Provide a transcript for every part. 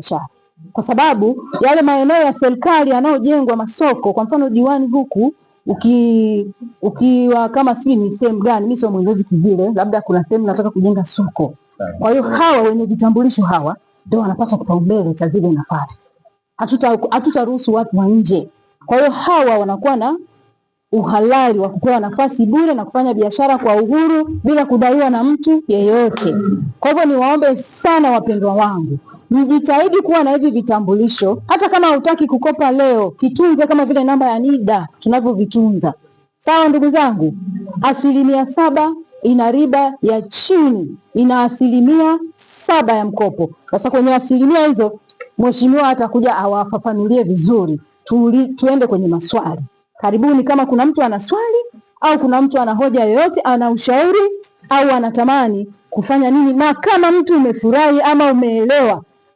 biashara, kwa sababu yale maeneo ya serikali yanayojengwa masoko, kwa mfano diwani huku uki ukiwa kama sijui ni sehemu gani, mi sio mwenyeji kivile, labda kuna sehemu nataka kujenga soko. Kwa hiyo hawa wenye vitambulisho hawa ndio wanapata kipaumbele cha zile nafasi, hatutaruhusu watu wa nje. Kwa hiyo hawa wanakuwa na uhalali wa kupewa nafasi bure na kufanya biashara kwa uhuru bila kudaiwa na mtu yeyote. Kwa hivyo niwaombe sana wapendwa wangu mjitahidi kuwa na hivi vitambulisho. Hata kama hutaki kukopa leo, kitunze kama vile namba ya NIDA tunavyovitunza. Sawa ndugu zangu, asilimia saba ina riba ya chini, ina asilimia saba ya mkopo. Sasa kwenye asilimia hizo, mheshimiwa atakuja awafafanulie vizuri. Tuli, tuende kwenye maswali. Karibuni, kama kuna mtu ana swali au kuna mtu ana hoja yoyote, ana ushauri au anatamani kufanya nini, na kama mtu umefurahi ama umeelewa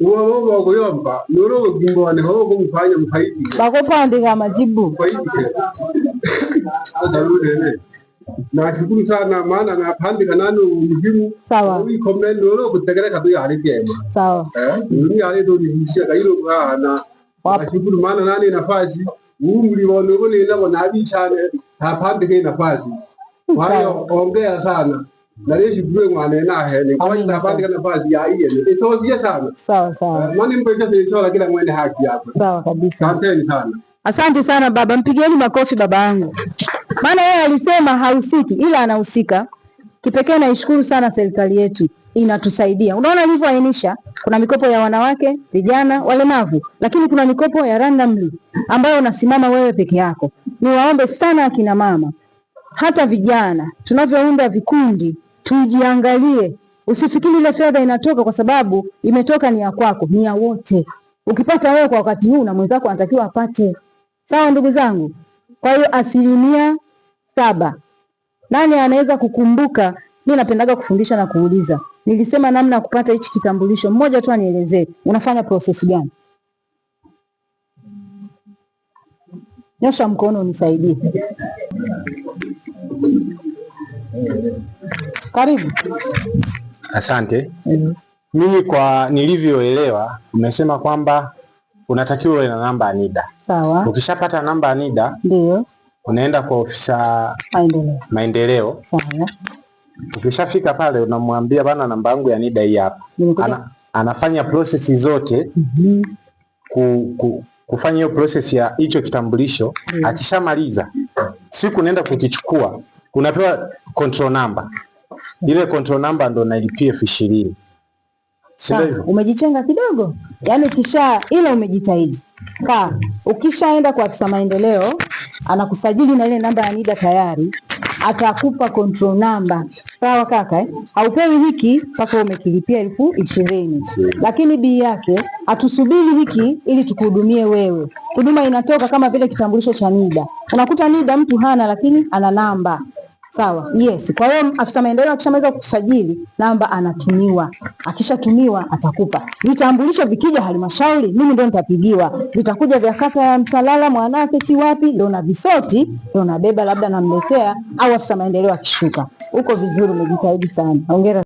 uwo woba kuyomba nurogo kingone hogo mfanya mfaidi bakopandika majibu na sana maana napandika nani umuhimu sawa wikombe nuro kutegereka sawa eh ni yari nashukuru maana nani nafasi umri wa nugo tapandike nafasi kwa ongea sana Narishi bwe mwane na he ni kwa sababu kana baadhi ya yeye ni itozie sana. Sawa sawa. Eh, mwani mbeje sio kila mwene haki hapa. Sawa kabisa. Asante sana. Asante sana baba, mpigieni makofi baba yangu, maana yeye alisema hahusiki ila anahusika. Kipekee naishukuru sana serikali yetu inatusaidia, unaona ilivyoainisha. Kuna mikopo ya wanawake, vijana, walemavu, lakini kuna mikopo ya randomly ambayo unasimama wewe peke yako. Niwaombe sana akina mama, hata vijana, tunavyounda vikundi tujiangalie. Usifikiri ile fedha inatoka kwa sababu imetoka ni ya kwako, ni ya wote. Ukipata wewe kwa wakati huu na mwenzako anatakiwa apate. Sawa ndugu zangu? Kwa hiyo asilimia saba. Nani anaweza kukumbuka? Mi napendaga kufundisha na kuuliza. Nilisema namna ya kupata hichi kitambulisho, mmoja tu anielezee, unafanya prosesi gani? Nyosha mkono unisaidie. Karibu. Asante. Mm. Mimi kwa nilivyoelewa umesema kwamba unatakiwa uwe na namba ya NIDA. Sawa. Ukishapata namba ya NIDA ndio unaenda kwa ofisa maendeleo, maendeleo. Sawa. Ukishafika pale unamwambia bana, namba yangu ya NIDA hii hapa. Ana, anafanya prosesi zote mm -hmm. ku, ku, kufanya hiyo prosesi ya hicho kitambulisho mm. Akishamaliza siku unaenda kukichukua unapewa control number ile control number ndo nailipia elfu ishirini. Umejichenga kidogo, yaani kisha, ila umejitahidi ka ukishaenda kwa afisa maendeleo anakusajili na ile namba ya NIDA tayari, atakupa control number sawa kaka eh? Haupewi hiki mpaka umekilipia elfu ishirini Lakini bii yake hatusubiri hiki ili tukuhudumie wewe, huduma inatoka kama vile kitambulisho cha NIDA. Unakuta NIDA mtu hana, lakini ana namba Sawa, yes. Kwa hiyo afisa maendeleo akishamaliza kukusajili, namba anatumiwa. Akishatumiwa atakupa vitambulisho. Vikija halmashauri, mimi ndio nitapigiwa, vitakuja vya kata ya Msalala, Mwanase, si wapi, ndio na visoti, ndio nabeba labda namletea, au afisa maendeleo akishuka. Uko vizuri, umejitahidi sana, hongera.